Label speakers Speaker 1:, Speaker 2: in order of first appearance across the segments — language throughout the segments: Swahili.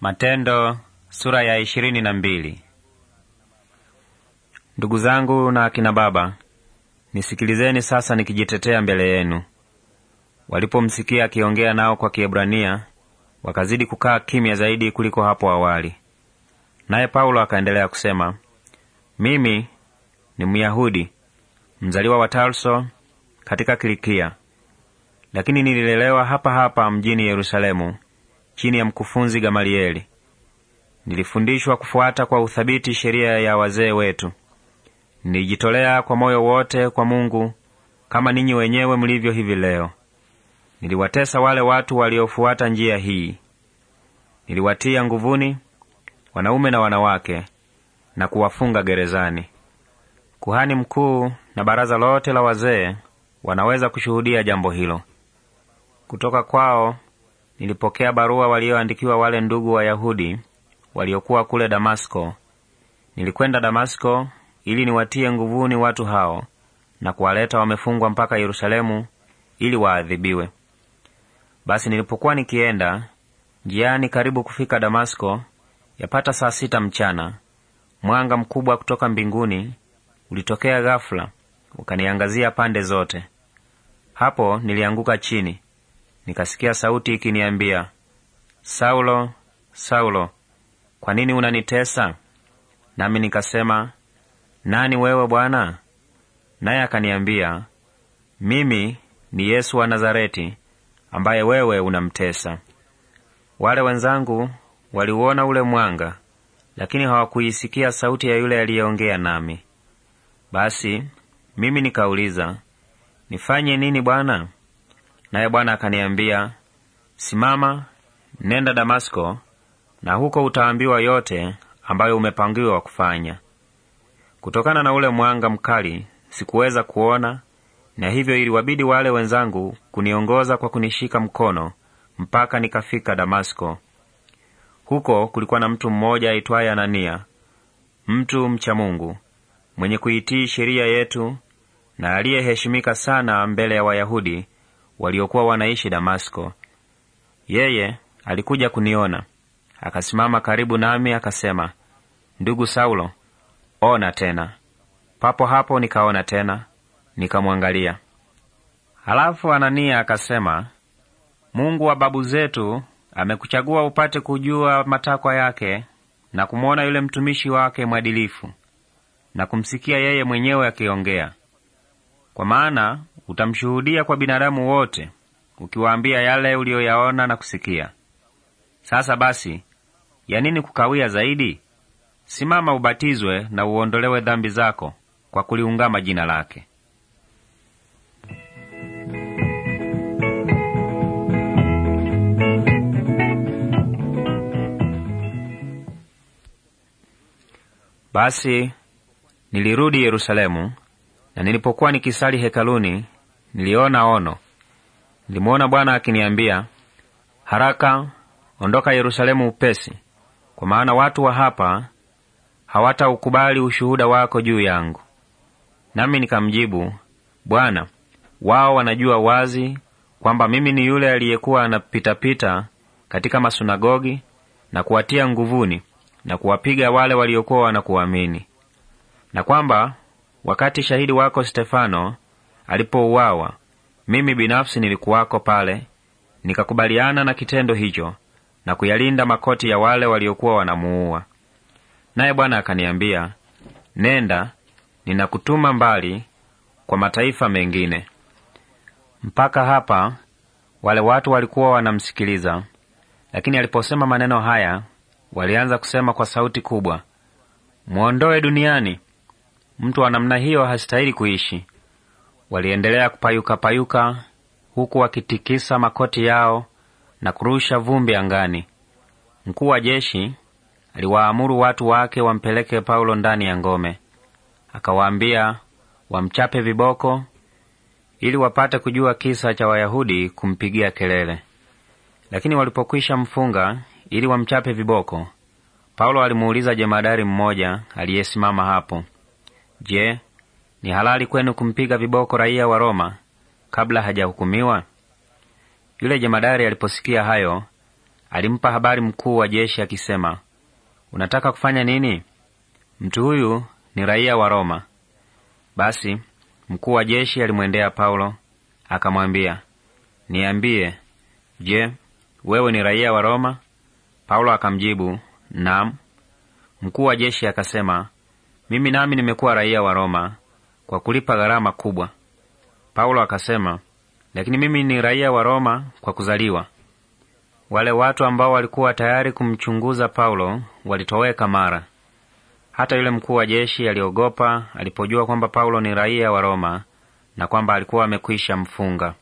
Speaker 1: Matendo sura ya ishirini na mbili. Ndugu zangu na akina baba, nisikilizeni sasa nikijitetea mbele yenu. Walipomsikia akiongea nao kwa Kiebrania, wakazidi kukaa kimya zaidi kuliko hapo awali. Naye Paulo akaendelea kusema, mimi ni Myahudi mzaliwa wa Tarso katika Kilikia, lakini nililelewa hapa hapa mjini Yerusalemu chini ya mkufunzi Gamalieli. Nilifundishwa kufuata kwa uthabiti sheria ya wazee wetu. Nilijitolea kwa moyo wote kwa Mungu kama ninyi wenyewe mlivyo hivi leo. Niliwatesa wale watu waliofuata njia hii. Niliwatia nguvuni wanaume na wanawake na kuwafunga gerezani. Kuhani mkuu na baraza lote la wazee wanaweza kushuhudia jambo hilo. Kutoka kwao Nilipokea barua walioandikiwa wale ndugu Wayahudi waliokuwa kule Damasko. Nilikwenda Damasko ili niwatie nguvuni watu hao na kuwaleta wamefungwa mpaka Yerusalemu ili waadhibiwe. Basi nilipokuwa nikienda njiani, karibu kufika Damasko, yapata saa sita mchana, mwanga mkubwa kutoka mbinguni ulitokea ghafula ukaniangazia pande zote. Hapo nilianguka chini nikasikia sauti ikiniambia, Saulo, Saulo, kwa nini unanitesa? Nami nikasema, nani wewe Bwana? Naye akaniambia, mimi ni Yesu wa Nazareti ambaye wewe unamtesa. Wale wenzangu waliuona ule mwanga, lakini hawakuisikia sauti ya yule aliyeongea nami. Basi mimi nikauliza, nifanye nini Bwana? Naye Bwana akaniambia, simama, nenda Damasko, na huko utaambiwa yote ambayo umepangiwa kufanya. Kutokana na ule mwanga mkali sikuweza kuona, na hivyo iliwabidi wale wenzangu kuniongoza kwa kunishika mkono mpaka nikafika Damasko. Huko kulikuwa na mtu mmoja aitwaye Anania, mtu mcha Mungu mwenye kuitii sheria yetu na aliyeheshimika sana mbele ya Wayahudi waliokuwa wanaishi Damasko. Yeye alikuja kuniona, akasimama karibu nami, akasema, ndugu Saulo, ona tena. Papo hapo nikaona tena, nikamwangalia. Halafu Anania akasema, Mungu wa babu zetu amekuchagua upate kujua matakwa yake na kumwona yule mtumishi wake mwadilifu na kumsikia yeye mwenyewe akiongea. Kwa maana Utamshuhudia kwa binadamu wote, ukiwaambia yale uliyoyaona na kusikia. Sasa basi, ya nini kukawia zaidi? Simama, ubatizwe na uondolewe dhambi zako kwa kuliungama jina lake. Basi nilirudi Yerusalemu, na nilipokuwa nikisali hekaluni niliona ono. Nilimwona Bwana akiniambia, haraka ondoka Yerusalemu upesi, kwa maana watu wa hapa hawataukubali ushuhuda wako juu yangu. Nami nikamjibu, Bwana, wao wanajua wazi kwamba mimi ni yule aliyekuwa anapitapita katika masunagogi na kuwatia nguvuni na kuwapiga wale waliokuwa wanakuamini, na kwamba wakati shahidi wako Stefano alipouawa. Mimi binafsi nilikuwako pale, nikakubaliana na kitendo hicho na kuyalinda makoti ya wale waliokuwa wanamuua. Naye Bwana akaniambia, nenda, ninakutuma mbali kwa mataifa mengine. Mpaka hapa wale watu walikuwa wanamsikiliza, lakini aliposema maneno haya, walianza kusema kwa sauti kubwa, mwondoe duniani, mtu wa namna hiyo hastahili kuishi. Waliendelea kupayuka-payuka huku wakitikisa makoti yao na kurusha vumbi angani. Mkuu wa jeshi aliwaamuru watu wake wampeleke Paulo ndani ya ngome. Akawaambia wamchape viboko ili wapate kujua kisa cha Wayahudi kumpigia kelele. Lakini walipokwisha mfunga ili wamchape viboko, Paulo alimuuliza jemadari mmoja aliyesimama hapo, Je, ni halali kwenu kumpiga viboko raia wa Roma kabla hajahukumiwa? Yule jemadari aliposikia hayo, alimpa habari mkuu wa jeshi akisema, unataka kufanya nini? Mtu huyu ni raia wa Roma. Basi mkuu wa jeshi alimwendea Paulo akamwambia, niambie, je, wewe ni raia wa Roma? Paulo akamjibu, nam Mkuu wa jeshi akasema, mimi nami nimekuwa raia wa Roma kwa kulipa gharama kubwa. Paulo akasema, lakini mimi ni raia wa Roma kwa kuzaliwa. Wale watu ambao walikuwa tayari kumchunguza Paulo walitoweka mara. Hata yule mkuu wa jeshi aliogopa alipojua kwamba Paulo ni raia wa Roma na kwamba alikuwa amekwisha mfunga.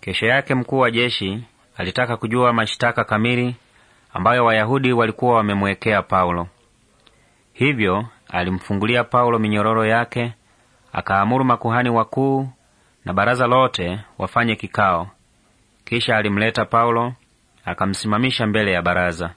Speaker 1: Kesho yake mkuu wa jeshi alitaka kujua mashtaka kamili ambayo Wayahudi walikuwa wamemwekea Paulo. Hivyo alimfungulia Paulo minyororo yake akaamuru makuhani wakuu na baraza lote wafanye kikao. Kisha alimleta Paulo akamsimamisha mbele ya baraza.